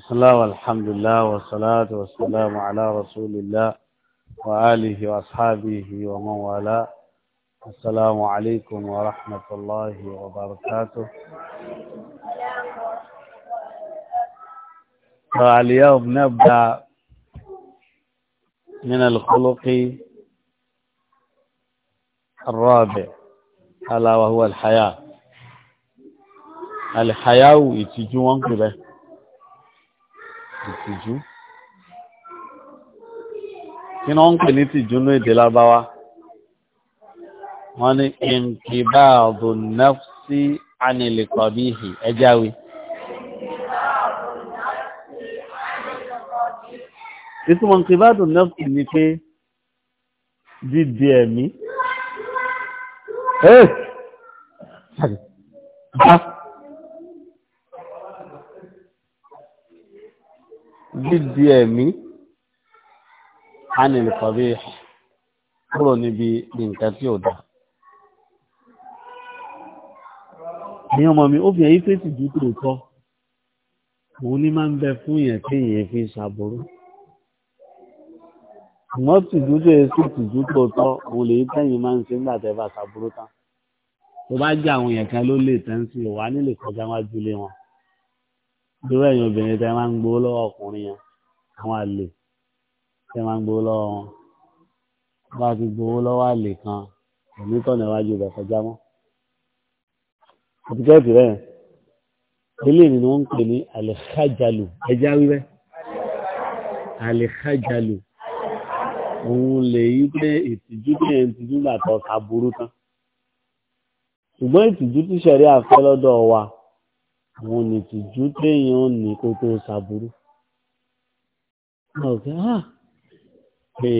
بسم الله والحمد لله والصلاة والسلام على رسول الله وآله وأصحابه ومن والاه السلام عليكم ورحمة الله وبركاته فاليوم نبدأ من الخلق الرابع ألا وهو الحياة الحياة يتجون كده ìtìjú kí wọ́n ń pè ní tìjú ní èdè lábáwá wọ́n ní ìǹkìbá ọ̀dọ̀ nẹ́fṣí anìlẹ̀kọ̀bíhì ẹjáwé ìtumọ̀ ìǹkìbá ọ̀dọ̀ nẹ́fṣí ni pé dídí ẹ̀mí dídi ẹ̀mí ánìlùkọ̀bí kúrò níbi nǹkan tí ò dá. ẹ̀yin ọmọ mi obìnrin yìí fèsì ju tòótọ́ òun ní máa ń bẹ fún yẹn tí èèyàn fi ṣàbòrò àmọ́ tìjú tó yẹ sí tìjú tòótọ́ òun lè tẹ́yìn máa ń ṣe nígbà tẹ́ bá ṣàbòrò tán tó bá jẹ́ àwọn yẹn kan ló lè tẹ́ ń sìn wà nílé kọjá wájú lé wọn irú ẹ̀yin obìnrin tẹ́ máa ń gbowó lọ́wọ́ ọkùnrin yẹn àwọn àlè tẹ́ máa ń gbowó lọ́wọ́ wọn bá ti gbowó lọ́wọ́ àlè kan ẹ̀mí tọ̀nà iwájú rẹ̀ kọjá mọ́. àtikẹ́ẹ̀tì rẹ̀ eléyìí ni wọ́n ń pè ní àlèkájàlù ẹja wíwẹ́ àlèkájàlù òun lè yí pé ìtìjú tí ẹ̀ ń tijú gbà tó burú tán ṣùgbọ́n ìtìjú tíṣẹ̀rí àfẹ́ lọ́dọ̀ wa àwọn nìtìjú téèyàn ní kó tó ṣàbúrú ọ̀gá pè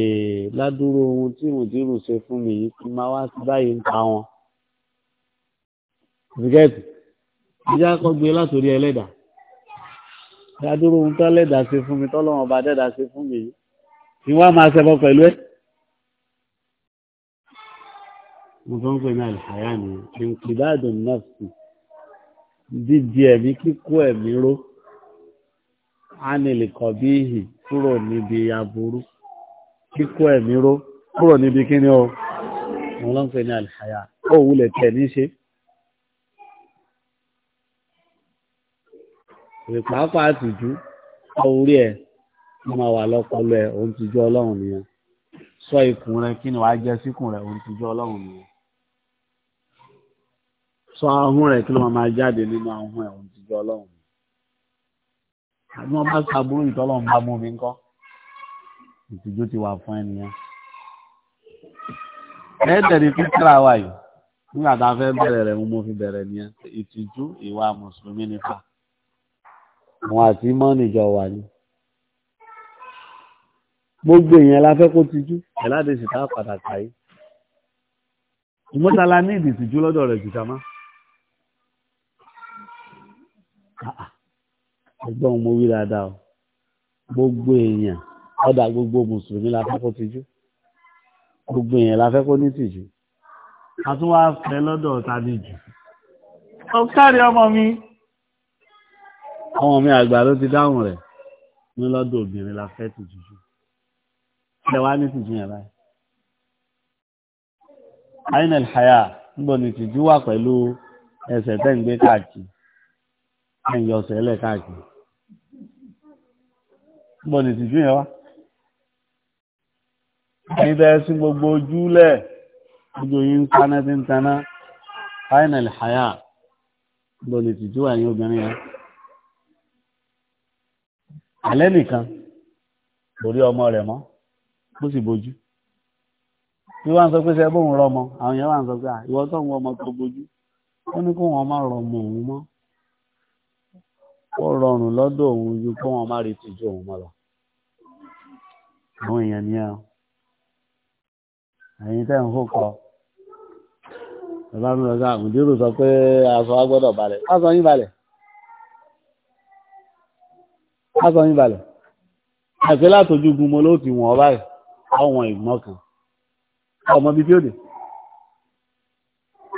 ládùúró ohun tí mùdírù ṣe fún mi yìí kí máa wá sí báyìí ń pa wọn rìgẹ́tì ìjà kọ́ gbé látòrí ẹlẹ́dàá ládùúró ohun tó ẹlẹ́dàá ṣe fún mi tọ́lọ́wọ́n ọba dẹ́dàá ṣe fún mi yìí ni wọ́n á máa ṣẹbọ pẹ̀lú ẹ̀. mo tó ń pè ní àlìhàyà ni ìǹkìdádùn náà sí dídi ẹ̀mí kíkó ẹ̀mí ró ánìlì kọ̀bíhì kúrò níbi aburú kíkó ẹ̀mí ró kúrò níbi kíní o wọn ló ń pè ní àlìhàyà ó wulẹ̀ tẹ̀ ní ṣe. ìpàápàá àtìjú orí ẹ̀ ló máa wà lọ́pọlọ ẹ̀ òun tìjú ọlọ́run nìyẹn sọ ikùn rẹ kí ni wàá jẹ síkùn rẹ òun tìjú ọlọ́run nìyẹn sọ ahọ́n rẹ̀ kí ló máa jáde nínú ahọ́n ẹ̀ òun ti jọ ọlọ́run àbí wọn bá ṣàbúrò ìtọ́lọ́run bá mú mi ńkọ́ ìtìjú ti wà fún ẹnìyàn ẹ̀ẹ́dẹ̀ni fífẹ́ra wa yìí nígbà tá a fẹ́ bẹ̀rẹ̀ rẹ̀ mo fi bẹ̀rẹ̀ nìyẹn ìtìjú ìwà mùsùlùmí nípa àwọn àti mọ́ọ̀nì jọ wà ní gbogbo èèyàn la fẹ́ kó tijú ẹ̀ láti ṣìta pàtàkì àyè ìmọ̀tàlá ní ìdìtìjú lọ́dọ̀ rẹ̀ jùjà máa. ẹgbọ́n ah, ah. mo wí dáadáa o gbogbo èèyàn ọ̀dà gbogbo mùsùlùmí la fẹ́ kó tijú gbogbo èèyàn la fẹ́ kó ní tìjú a tún wá fẹ́ lọ́dọ̀ ọ̀tá ní jù ọ̀kárí ọmọ mi ọmọ mi àgbà ló ti dáhùn rẹ̀ ní lọ́dọ̀ obìnrin la fẹ́ tìjú jù ẹ wá ní tìjú yẹn báyìí ainel haya ń bọ̀ ní tìjú wà pẹ̀lú ẹsẹ̀ tẹ́ ń gbé káàkiri. ẹ̀yìn ọ̀sẹ̀ ẹlẹ́ káàkiri gbọ́ ní ìtìjú yẹn wá ẹ̀yìn sí gbogbo ojúlẹ̀ gbogbo yín ń taná tí ń taná final haya ní ìtìjú obìnrin yẹn alẹ́ nìkan ọmọ rẹ̀ mọ́ bó sì wọ́n sọ pé bóun rọmọ àwọn yẹn wà ń sọ pé tó ń wọ ọmọ tó ó ní kó wọn rọmọ òun ó rọrùn lọ́dọ̀ òun ju kó wọn má retí ju òun mọ́ lọ. àwọn èèyàn ni àwọn ẹ̀yin tẹ́ ń hó kọ bàbá lọ sí àmùdírò sọ pé aṣọ wa gbọ́dọ̀ balẹ̀ aṣọ yín balẹ̀ aṣọ yín balẹ̀ àti látọjúgun mo ló ti wọ̀n báyìí àwọn ìgbọ́n kan ọmọ bíi tí ó dé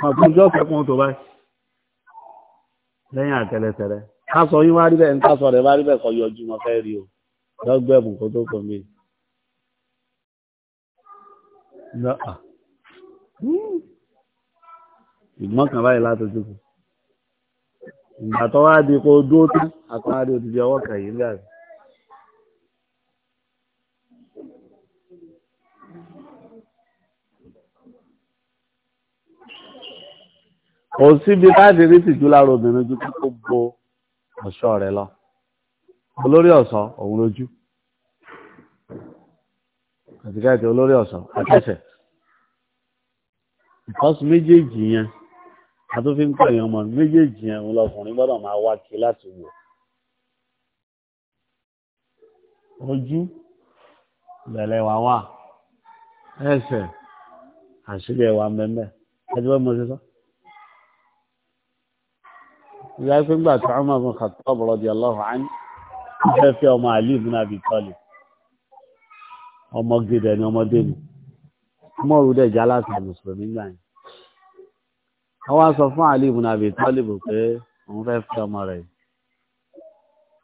ọ̀pọ̀ ìjọ́ kẹ́kọ̀ọ́ tó báyìí lẹ́yìn àtẹlẹsẹ̀rẹ̀ ká sọ yín wá rí bẹ́ẹ̀ níta sọ rẹ̀ wá rí bẹ́ẹ̀ kọ́ yọjú wọn fẹ́ rí o lọ́gbẹ̀bù kó tó kàn mí. ìgbọ́n kan báyìí látọjú kù ìgbà tó wá di kó dúró tán àtúnwá di òdìdí ọwọ́ kan yìí nígbà tí. kò síbi láti rí tìjú lára obìnrin ju kó bo ọ̀ṣọ́ rẹ̀ lọ olórí ọ̀ṣọ́ òun lójú àtìkáàtì olórí ọ̀ṣọ́ àtẹ̀sẹ̀ ìkọ́sùn méjèèjì yẹn àtúnfí pẹ̀yìn ọmọ méjèèjì yẹn òun lọkùnrin gbọ́dọ̀ máa wá kí láti wò ojú bẹ̀rẹ̀ wà wà ẹsẹ̀ àṣírí ẹ̀wà mẹ́mẹ́ ẹjọ́ mọ́ sí sọ́ ìyá pé ńgbà tí Umar bin Khattab radiyallahu anhu fẹ́ fẹ́ ọmọ Ali bin Abi Talib ọmọ gidi ẹni ọmọdé mi mọ́rù dẹ̀ já láti mùsùlùmí gbà yẹn àwọn sọ fún Ali bin Abi Talib pé òun fẹ́ fẹ́ ọmọ rẹ̀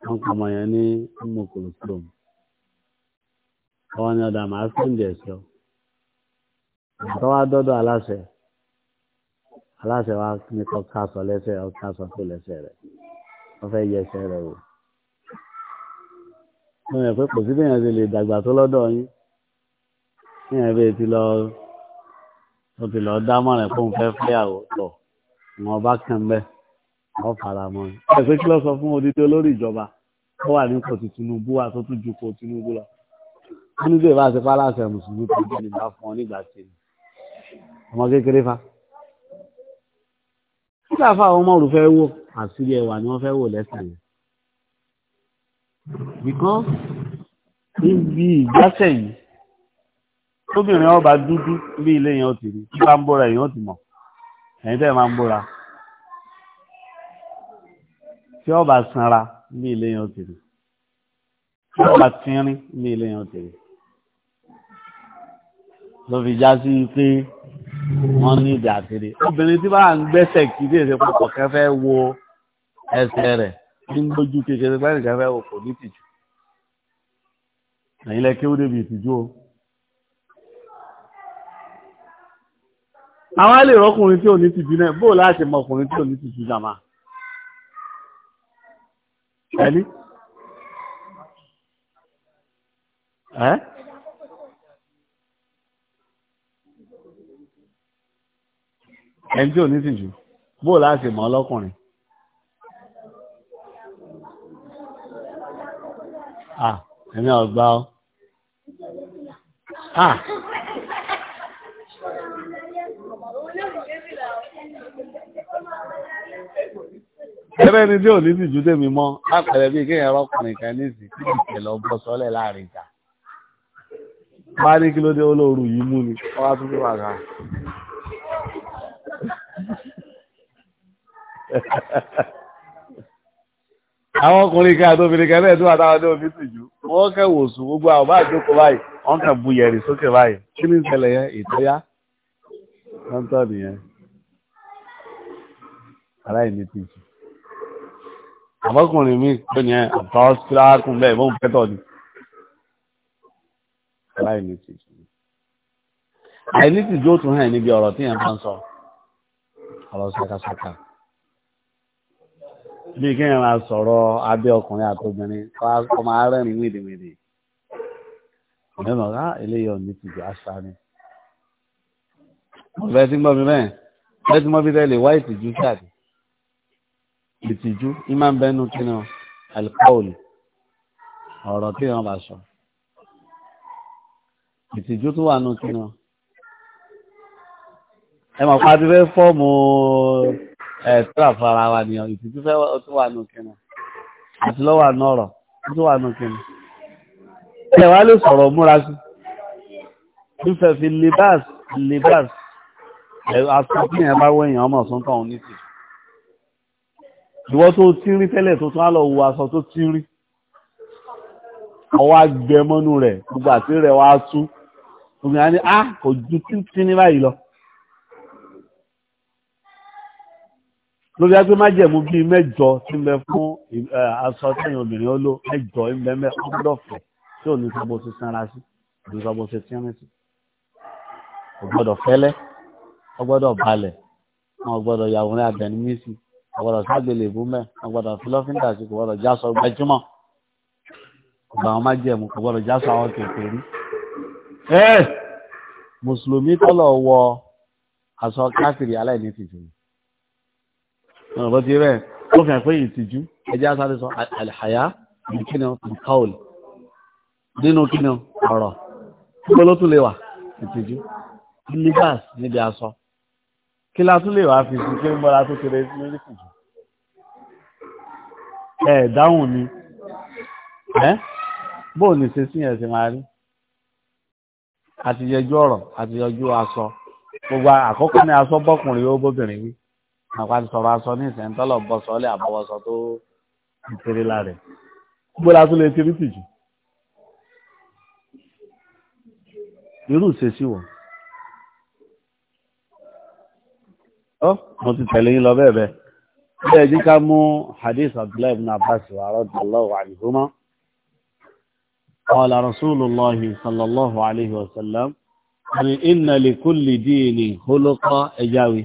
wọn kà mọ̀ yẹn ní Ummu Kulthum àwọn ni ọ̀dà màá sẹ́ǹdì ẹ̀ṣọ́ àtọ́wádọ́dọ̀ aláṣẹ aláṣẹ wa ní kọ́ káṣọ lẹ́sẹ̀ ọ káṣọ tó lẹ́sẹ̀ rẹ̀ wọ́n fẹ́ yẹ ẹsẹ̀ rẹ̀ wò. wọ́n yẹ pé kò sí bẹ́ẹ̀ ṣe lè dàgbà tó lọ́dọ̀ yín níyẹn bẹ́ẹ̀ ti lọ ó ti lọ dámọ̀ràn fóun fẹ́ fẹ́yàwó tọ̀ wọn bá kàn bẹ́ẹ̀ wọ́n fara mọ́ ẹ. ẹ pé kí ló sọ fún odidi olórí ìjọba tó wà nípò ti Tinubu wa tó tún ju ko Tinubu lọ. wọ́n ní bí ìbá ṣe pálá àṣẹ mùsùlùmí tó gbé nígbà fún ọ nígbà tí ọmọ kékeré fa nígbà fáwọn ọmọ òrùfẹ́ wò àṣírí ẹwà ni wọ́n fẹ́ wò lẹ́sẹ̀ yẹn because níbi ìgbásẹ̀ yìí tóbìnrin ọba dúdú bí ilé yẹn ó ti rí bí bá ń bóra èèyàn ó ti mọ̀ ẹ̀yin tẹ́ máa ń bóra tí ọba sanra bí ilé yẹn ó ti rí tí ọba tínrín bí ilé yẹn ó ti rí ló fi já sí pé wọ́n ní ìdí àtìrí obìnrin tí bá ń gbẹ́sẹ̀ kí bí èsè pọ̀ kẹfẹ́ wo ẹsẹ̀ rẹ̀ ní gbójú kékeré pẹ́ẹ́nì kẹfẹ́ wo kò ní tìjú ẹ̀yin lẹ́kẹ́ ó débi ìtìjú o. àwọn á lè rọ́kùnrin tí ò ní tìjú náà bóò láti mọ ọkùnrin tí ò ní tìjú jàmá ẹni ẹ́ ẹni tí ò ní tìjú bó láti mọ̀ ọlọ́kùnrin à ẹ̀mí ọ̀gbá ọ́ à ẹ̀rẹ́ ni tí ò ní tìjú tèmi mọ́ àpẹẹrẹ bí kéèyàn ọlọ́kùnrin kan ní ìsìn tí ìpìlẹ̀ ọgbọ́ sọ́lẹ̀ láàrin ìjà bá ní kí ló dé olóoru yìí mú ni ọwá tún wà ká àwọn ọkùnrin kan àti obìnrin kan náà tó wà táwọn ní omi sì jù wọ́n kẹ́ wò sùn gbogbo àwọn bá jókòó báyìí wọ́n kàn bu yẹ̀rì sókè báyìí kí ni ìṣẹ̀lẹ̀ yẹn ìtọ́yá wọ́n tọ́ nìyẹn aláìní tìjú àbọ́kùnrin mi pé ní àtọ́síláàkùn bẹ́ẹ̀ bóun pẹ́tọ̀ ni aláìní tìjú àìní tìjú ó tún hàn níbi ọ̀rọ̀ tí yẹn bá ń sọ ọ̀rọ̀ sákàsákà bí kí wọn máa sọ̀rọ̀ abẹ́ ọkùnrin àtobìnrin kọ́ máa rẹ́rìn wìdìwìdì mẹ́mọ̀ ká eléyọ̀ ní ti jù àṣà ni mo fẹ́ tí ń gbọ́ mi bẹ́ẹ̀ fẹ́ tí mo fi tẹ́lẹ̀ wá ìtìjú sáàdì ìtìjú ní máa ń bẹ́nu kí ni alikọ́ọ̀lù ọ̀rọ̀ kí wọ́n bá sọ ìtìjú tó wà nù kí ni ẹ mọ̀ pa ti fẹ́ fọ́ọ̀mù ẹ̀ẹ́dọ́ àfara wa ni ìtìjú fẹ́ ó tún wà nù kínú àti lọ́wọ́ àná ọ̀rọ̀ ó tún wà nù kínú. ẹ wá lè sọ̀rọ̀ múra sí fífẹ́ fi libas libas aṣọ tí yẹn bá wọ èèyàn ọmọ ọ̀sán kan ní ti. ìwọ tó ti rí tẹ́lẹ̀ tó tún á lọ wo aṣọ tó ti rí ọwọ́ agbẹmọ́nú rẹ̀ gbogbo àti rẹ̀ wá tú òmìnira ni a ah, kò ju títí ní báyìí lọ. lórí agbé májẹ̀mú bíi mẹ́jọ tí ń bẹ fún aṣọ tẹ̀yìn obìnrin oló mẹ́jọ ń bẹ mẹ́ ọgbọ́dọ̀fẹ́ tí ò ní sọ́bọ̀ sí sanra sí ní sọ́bọ̀ sí tíyánì sí. ọgbọ́dọ̀ fẹ́lẹ́ ọgbọ́dọ̀ balẹ̀ wọn ọgbọ́dọ̀ yàwòrán abẹnumísì ọgbọ́dọ̀ ságbélé ìbúmẹ́ ọgbọ́dọ̀ fílọ́fíńdà sí ọgbọ́dọ̀ jásọ gbajúmọ̀ ọgbà àwọn májẹ̀mú ọ̀rọ̀ ti rẹ̀ ó fi hàn pé ìtìjú ẹjẹ́ asáré sọ àlìhàyà ní kíni ìkọ́ọ̀lì nínú kíni ọ̀rọ̀ gbogbo ló tún lè wà ìtìjú nígbàs níbi aṣọ kí la tún lè wà fi sí kí ń bọ́ra tó kéré sí lórí ìtìjú ẹ dáhùn ni ẹ bóò ní ṣe sí ẹ̀sìn máa rí àti yẹjú ọ̀rọ̀ àti yẹjú aṣọ gbogbo àkọ́kọ́ ni aṣọ bọ́kùnrin ó bóbìnrin wí àpá ti sọ̀rọ̀ aṣọ ní ìsẹ̀ ńtọ́lọ̀ bọ́ sọ́lẹ̀ àbọ̀wọ́sọ tó kéré láre gbogbo la tún lè ti rí tìjú irú ìṣesí wọn. ọ́ mo ti tẹ̀lé yín lọ bẹ́ẹ̀ bẹ́ẹ̀ bẹ́ẹ̀ jí ká mú hadith abdullahi ibn abbas wa radiyallahu anhuma qala rasulullahi sallallahu alayhi wa sallam ani inna li kulli dini khuluqa ẹjáwé.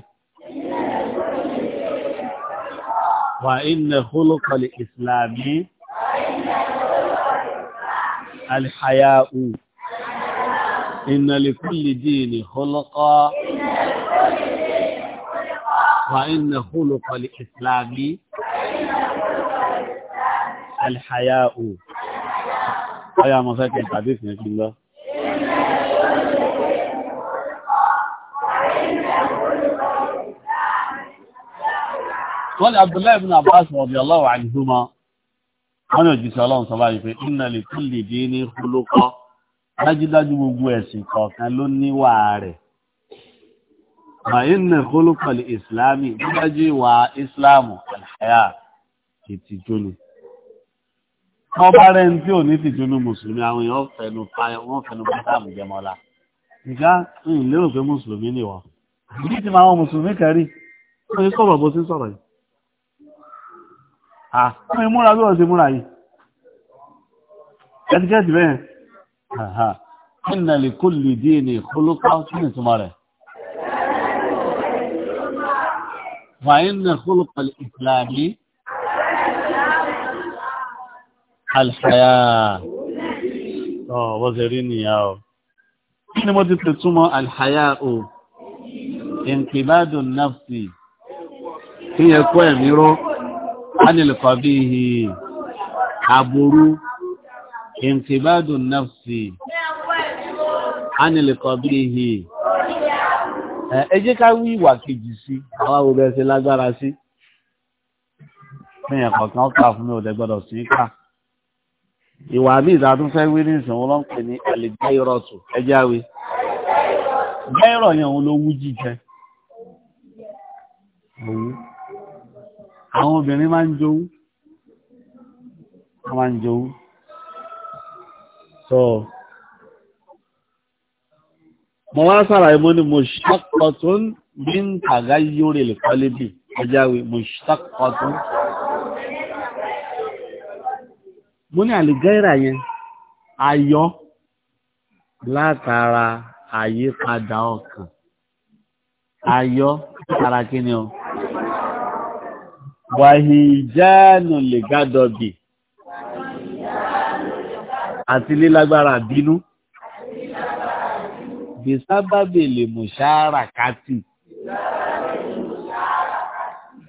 وإن خلق الإسلام الحياء إن لكل دين خلقا وإن خلق الإسلام الحياء أيها مساكن حديثنا في الله wọ́n ní abdullahi ibn abbas radiyallahu anhuma wọ́n ní òjíṣẹ́ ọlọ́run sọ báyìí pé inna li kulli dini khuluqa dájúdájú gbogbo ẹ̀sìn kọ̀ọ̀kan ló níwà rẹ̀ ma inna khuluqa li islami dájú ìwà islamu alhaya ìtìjú ni wọ́n bá rẹ̀ ń tí ò ní tìjú ní mùsùlùmí àwọn èèyàn fẹnu wọ́n fẹnu bá sáàmù jẹmọ́lá ìgá ń lérò pé mùsùlùmí nìwọ̀n ìdí ti máa wọn mùsùlùmí kẹrí ó ní sọ̀rọ̀ bó ti sọ̀rọ̀ yìí àwọn ìmúra bí wọ́n ṣe múra yìí ẹtikẹ́tì bẹ́ẹ̀ ìnàlè kó lè dí ènì ìkólókà kí ni túnmà rẹ̀ fàyínà kólókà ìsìláàmì alhaya ọ̀ wọ́n ṣe rí nìyà ọ̀ kí ni mo ti pè túnmọ̀ alhaya o ìǹkìbádùn náfsì kí yẹ kó anìlùkọ́bí ihe aburú ìntìbádùn náfsì anìlùkọ́bí ihe ẹ jẹ́ ká wí ìwà kejì sí àwọn obìnrin ṣe lágbára sí fún ẹ̀kọ́ kan kà fún mi ò lẹ́gbọ́dọ̀ sí ká ìwà mi ìdádún fẹ́ wí ní ìsìnwó ló pè ní àlìgbáyìrọ̀tù ẹjẹ́ àwẹ̀ gbáyìrọ̀ yẹn òun ló wú jíjẹ àwọn obìnrin máa ń jowú wọ́n máa ń jowú so mo wá sàlàyé mo ní mushtaqatun min tagayyuri al-qalbi ajáwé mushtaqatun mo ní àlìgẹ́rà yẹn ayọ́ látara àyípadà ọkàn ayọ́ látara kí ni o wàhíjáànù lè gádọ̀bì àti lílágbára bínú bisábàbì lè mùsáàrà kátì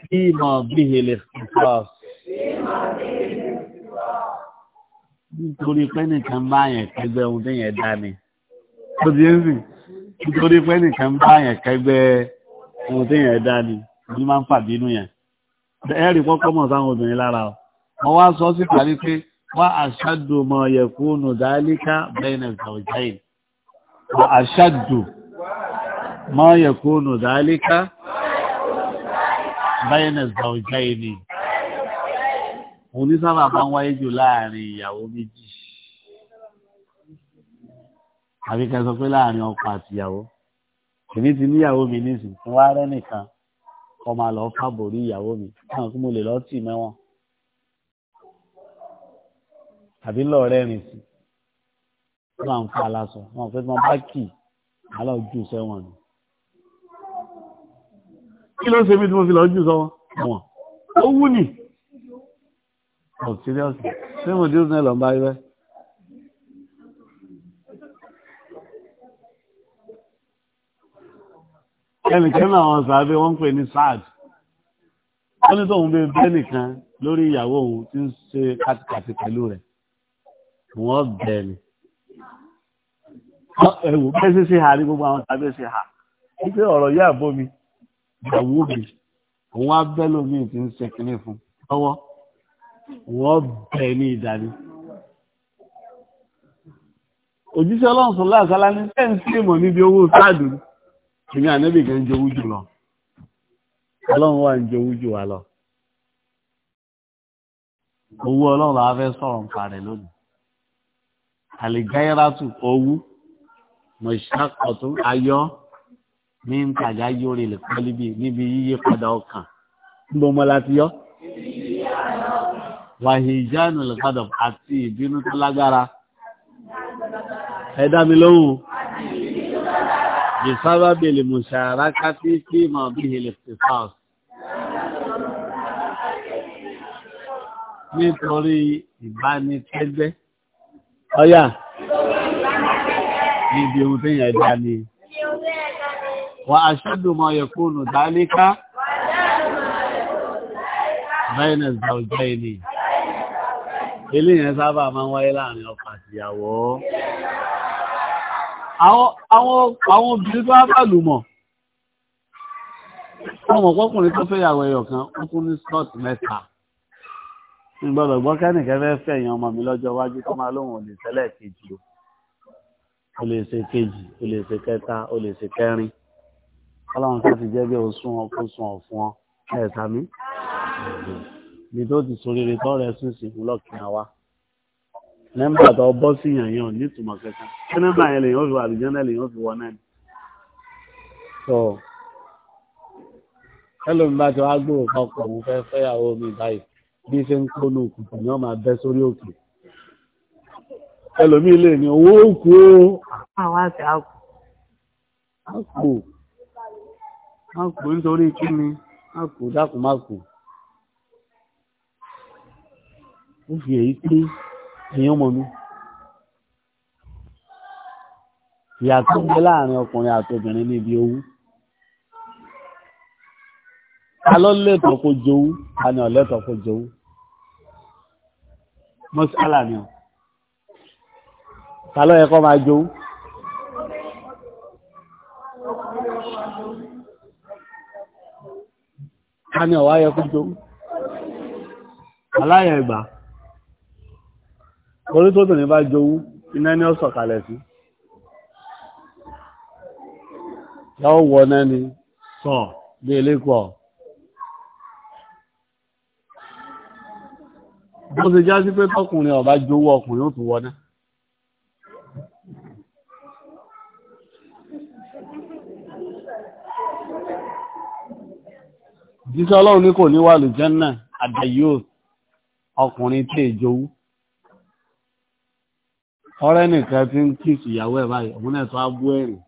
bí ìmọ̀ bí ìhèlè fúnfọ́s nítorí pé nìkan bá yẹn kẹgbẹ́ ohun tí yẹn dá ni ó di ń sìn nítorí pé nìkan bá yẹn kẹgbẹ́ ohun tí yẹn dá ni ó ní máa ń fà yẹn ẹ̀rí kọ́kọ́ mọ̀ sáwọn obìnrin lára o wọ́n wá sọ sí parí pé wá àṣàdù mọ̀ yẹ̀kú nù dáálíkà bẹ́ẹ̀nà ìtàwùjáìn wá àṣàdù mọ̀ yẹ̀kú nù dáálíkà bẹ́ẹ̀nà ìtàwùjáìn ni onísábà máa ń wáyé jù láàrin ìyàwó méjì àbíkẹ́ sọ pé láàrin ọkọ àtìyàwó èmi ti níyàwó mi nísìnyí wá rẹ́ nìkan kọ́ máa lọ fábòrí ìyàwó mi káwọn kí mo lè lọ́ọ́ tì mẹ́wọ̀n àbí lọ́ọ̀rẹ́ rìn sí wọ́n máa ń fa aláṣọ wọn fẹ́ tí wọ́n bá jù sẹ́wọ̀n ni. kí ló ṣe mí tí mo fi lọ́ọ́ jù sọ́wọ́n ẹ̀wọ̀n ó wú ni. ọ̀ síríọ̀sì ṣé mo dé ó sún lọ́ọ́ bá rí ẹnìkan náà wọn sàábé wọ́n ń pè ní Saad wọ́n ní tóun bẹ bẹ nìkan lórí ìyàwó òun tí ń ṣe kàtìkàtì pẹ̀lú rẹ̀ wọ́n bẹ̀ ni ẹwù bẹ́ẹ̀ sì ṣe ha ní gbogbo àwọn sàábé ṣe ha wípé ọ̀rọ̀ yóò àbó mi ìyàwó mi òun á bẹ lómi tí ń ṣe kínní fún lọ́wọ́ wọ́n bẹ̀ ní ìdání òjíṣẹ́ Ọlọ́run sọlá àṣálá ní ten tí níbi owó sáàdù èmi ànábì kan ń jowú jù lọ ọlọ́run wà ń jowú jù wá lọ owó ọlọ́run la fẹ́ sọ̀rọ̀ nípa rẹ̀ lónìí àlìgáyérátù owú mọ̀ṣákọ̀tún ayọ́ ní ntajà yóò lè pẹ́lú bí níbi yíyí padà ọkàn níbo mọ́ láti yọ́ wàhíjánu lè padà àti ìbínú tó lágbára ẹ dá mi lóhùn. بسبب المشاركة فيما به الاختصاص nítorí ìbánitẹ́gbẹ́ ọ̀yà níbi ohun tí yẹn dá ní wà aṣẹ́dùmọ̀ yẹ̀kúnù dáníká venus ọjọ́ ilé ilé yẹn sábà máa ń wáyé láàrin ọkọ àtìyàwó àwọn obìnrin tó bá lù mọ̀ ọmọ ọkùnrin tó fẹ́ yàwó ẹyọ kan ọkùnrin scott mẹ́ta ìgbọ́dọ̀ gbọ́ kẹ́nìkẹ́ fẹ́ fẹ́ èèyàn ọmọ mi lọ́jọ́ iwájú tó máa lóhùn olè tẹ́lẹ̀ kejì o o lè ṣe kejì o lè ṣe kẹta o lè ṣe kẹrin ọlọ́run ká ti jẹ́ bí o sún ọ kó sún ọ fún ọ ẹ̀ẹ́ta mi ibi tó ti soríire tọ́rẹ sùn sí fún lọ́kìnrin wa nọ́mbà tó bọ́ sí yàn yàn ní ìtumọ̀ kankan kí nọ́mbà yẹn lèyàn fi wà àlùjọ náà lèyàn fi wọ náà ni. tó ẹlòmíbá tí wàá gbòòrò papọ̀ òun fẹ́ fẹ́yàwó mi báyìí bí ṣe ń kónú òkùnkùn ni wọ́n máa bẹ́ sórí òkè. ẹlòmíì lè ní owó òkú o. àwọn àti àkù. àkù àkù nítorí kí ni àkù dákùmákù. ó fi èyí pé ẹ̀yin ọmọ mi ìyàtọ̀ ń bẹ láàrin ọkùnrin àtobìnrin níbi owó ta ló lẹ́tọ̀ọ́ kó jowú ta ni ọ̀lẹ́tọ̀ọ́ kó jowú mọ́sálà ni ọ ta ló yẹ kó máa jowú. ta ni ọ̀wá yẹ kó jowú aláyẹ̀ ìgbà orí tó tòní bá jowú iná ní ọ̀sọ̀ kalẹ̀ sí yóò wọ náà ni sọ bí elékọ̀ bó ti já sí pé tọkùnrin ọba jowú ọkùnrin ó tún wọ náà jísọ́ ọlọ́run ní kò ní wà lè jẹ́ náà àdàyò ọkùnrin tí èjòwú ọ̀rẹ́ nìkan ti ń kí ìyàwó ẹ̀ báyìí òun náà tó á bú ẹ̀rìn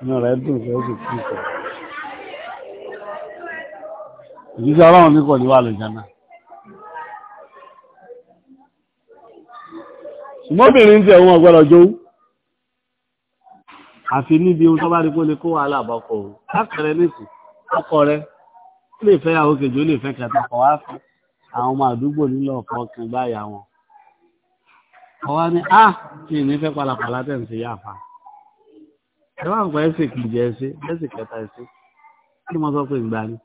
inú rẹ̀ dùn fẹ́ sì kí ìsọ̀ ìjíṣẹ́ ọlọ́run ní kò ní wà lójà náà ṣùgbọ́bìnrin ẹ̀wọ̀n ọgbọ́dọ̀ jówú àfi níbi ohun tó bá rí pé lè kó wàhálà àbọ̀kọ̀ òun lápẹẹrẹ nìsín ọkọ rẹ lè fẹ́ àwọn kejì ó lè fẹ́ kẹta kọ̀ wá fún àwọn ọmọ àdúgbò nílò ọ̀kan báyà wọn ọwá ni, á kí ní fẹ́ palapàla tẹ̀ ń ṣe yá fa ẹ wá ń pa ẹsẹ̀ kejì ẹsẹ̀ ẹsẹ̀ kẹta ẹsẹ̀ kí mo sọ pé ń gbà ní.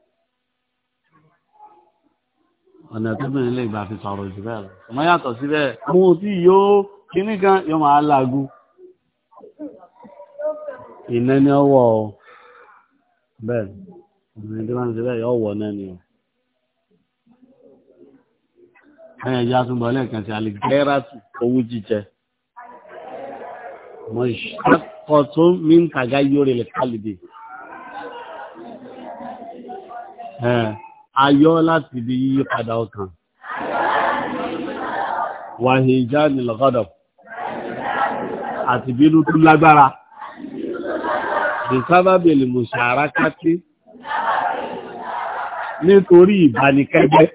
ọ̀nà tó bẹ̀rẹ̀ lè gbà fi sọ̀rọ̀ jù bẹ́ẹ̀ lọ ọmọ yàtọ̀ síbẹ̀ mo ti yóò kíní kan yóò máa láagu ìnáni ọwọ́ bẹ́ẹ̀ ọmọ ìdílé wọn ti bẹ́ẹ̀ yọ ọwọ́ náà ni o. ẹ̀yẹ̀ ìyá túnbọ̀ lẹ́ẹ̀kan sí alìgẹ́ràtù owó jíjẹ mọ̀ṣẹ́kọ̀tún mí ń tàgá yóò lè kálìdì ayọ́ láti di yíyí padà ọkàn wàhíjá ni lọ́gọ́dọ̀ àti bínú tún lágbára ìsábàbẹ̀lì mùsàárá kátí nítorí ìbánikẹ́gbẹ́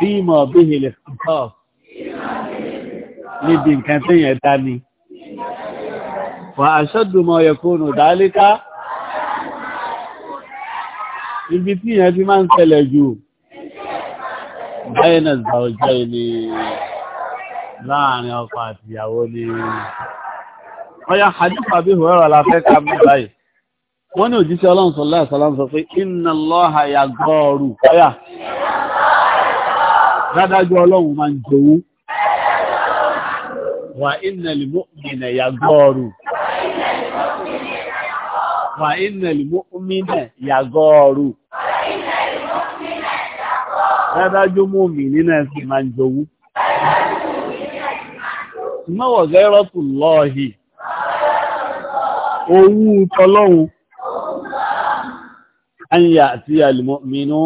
fíìmọ̀ bí ilẹ̀ kọ́ níbi nǹkan tí yẹn dání wà aṣọ́dùmọ̀ yẹkùnù dálíká ibi tí yẹn fi máa ń tẹ̀lẹ̀ jù báyẹ̀nà ìgbàwọ̀jọ́ ni láàrin ọkọ àti ìyàwó ni ọya hadita bí hùwẹ́rọ̀ aláfẹ́ ká mú báyìí wọ́n ní òjíṣẹ́ ọlọ́run sọ lẹ́ẹ̀sọ́lá ń sọ pé inna Allaha yagọ́ọ̀rù ọya dádájọ́ ọlọ́run máa ń jowú wà innal mu'mina yagọ́ọ̀rù wà innal mu'mina yagọ́ọ̀rù dádájọ́ mú mi nínú ẹ̀sìn máa ń jowú mọ́wọ̀ gẹ́rọ́tù lọ́ọ̀hì owó tọlọ́run an ya'tiya al-mu'minu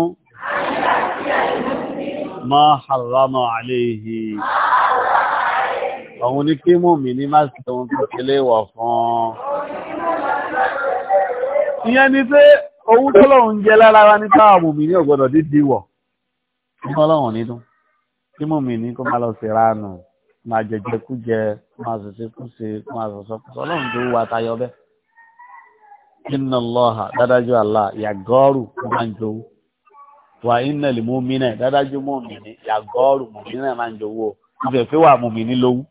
máa harama àléhì òun ní kí mú mi ní má sí ohun tó kélé wà fún ìyẹn ni pé owó tọ́lọ́run jẹ lára wa ní táwà mú mi ní ọ̀gbọ́dọ̀ dídí wọ̀ ní ọlọ́run nídún kí mú mi ní kó má lọ sí ránù máa jẹjẹ kú jẹ máa sọsẹ kú sí máa sọsọ kú sọ tó wà tayọ bẹ́ẹ̀ inna Allah dádájú Allah yàgọ́rù máa ń jowú wà iná lè mú mi náà dádájú mú mi ní yàgọ́ọ̀rù mú mi náà máa ń jowó ìfẹ̀fẹ́ wà mú mi ní lówó.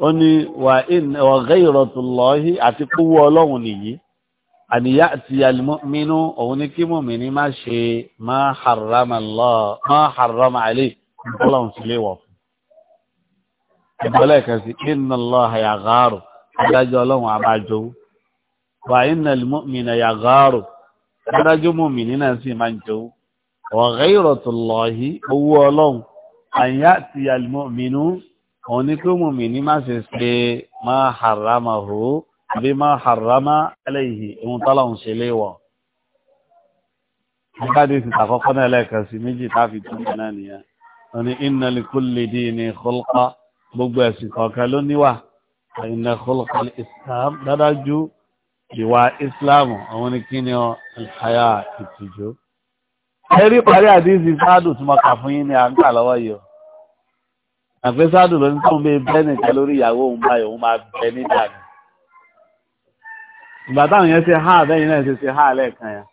ó ní wà iná ọ̀gẹ́ ìrọ̀tù lọ́ọ́hí àti kówó ọlọ́run nìyí àníyá àti àlùmínú òun ní kí mú mi ní má ṣe má harama àlè ọlọ́run sì lè wọ̀ fún. ìbọ̀lẹ̀ kan iná lọ́ọ́ yàgọ́ọ̀rù dádájú ọlọ́run àbájọ́ wà iná lè mú mi náà yàgọ́ọ̀rù adájọ́ mọ̀mí nínú ẹ̀sìn máa ń jowó ọ̀rẹ́ ìrọ̀tò lọ́ọ̀hí owó ọlọ́run àyà ti àlùmọ̀mínú òun ní pé mọ̀mí ní má ṣe ṣe máa harama hó àbí máa harama ẹlẹ́yìí ohun tọ́lá ń ṣe léwọ̀. Nígbàdí ti tàkọ́kọ́ náà lẹ́ẹ̀kan sí méjì táfi tún bẹ̀ náà nìyẹn. Wọ́n ní inna ìwà ìsìláàmù àwọn ní kíni ọ ìhàyà ìtìjú ẹrí parí àdízi sáàdù tí mo kà fún yín ní à ń kà lọ́wọ́ yìí o àpé sáàdù ló ní tóun bíi bẹ́ẹ̀ nìkan lórí ìyàwó òun báyìí òun máa bẹ nígbà ni ìgbà táwọn yẹn ṣe há bẹ́yìn náà ṣe ṣe há lẹ́ẹ̀kan yẹn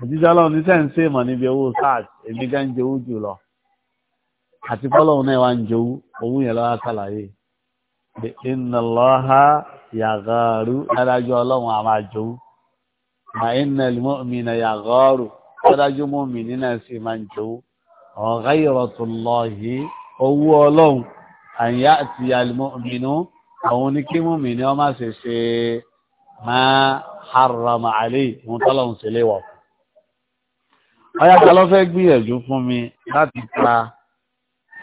òjíṣẹ́ ọlọ́run ní sẹ́ǹ ṣe mọ̀ níbi owó sáàd èmi gan jowú jù lọ àti fọ́lọ́run náà wá ń jowú owó yẹn lọ́wọ́ inna Allaha yàgọ́rù dájú ọlọ́run a máa jowú ma iná mọ́mí na yàgọ́rù dájú mọ́mí nínú ẹ̀sìn máa ń jowú ọ̀gá ìrọ̀tún lọ́ọ̀hí owó ọlọ́run àyà àti àlùmọ́mínú àwọn oníkémọ́mí ni wọ́n máa ṣe ṣe máa harama àlè ìwọ̀n tọ́lọ́run sì léwọ̀. ọyàtọ̀ ló fẹ́ gbìyànjú fún mi láti pa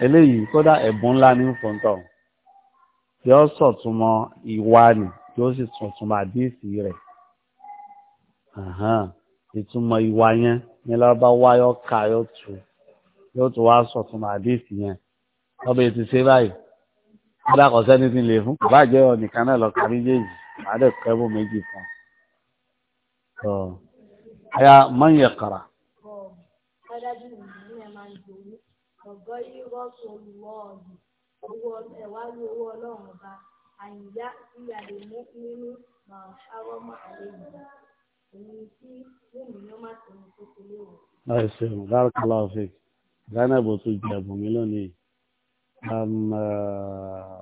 eléyìí kódà ẹ̀bùn ńlá ní fòǹtọ̀hún yóò sọ̀túnmọ́ ìwà ni yóò sì sọ̀túnmọ́ àdíìsì rẹ̀ ìtumọ̀ ìwà yẹn ní lọ́ba wá yóò ka yóò tu yóò tún wá sọ̀túnmọ́ àdíìsì yẹn lọ́ba ètò ṣe báyìí kódà kò sẹ́ni ti lè fún bàbá àjẹ́ ọ̀nìkan náà lọ́ka méjèèjì àádẹ́kọ̀ọ́ ẹ̀bùn méjì fún un. aya man yẹ kara. ọ̀gájú yìí rọ́ọ̀tù olùwọ́ ọ̀gbìn owó ẹ̀wá ní owó ọlọ́run ọba àyíyá ìyá lè mú nínú màá ṣáwọ́ mọ́ àlẹ́ yìí èyí tí lómìnira má ti mú tó ti léwu. ẹ ṣeun barakallahu fik zainab tún jẹ ẹbùn mi lónìí. Uh,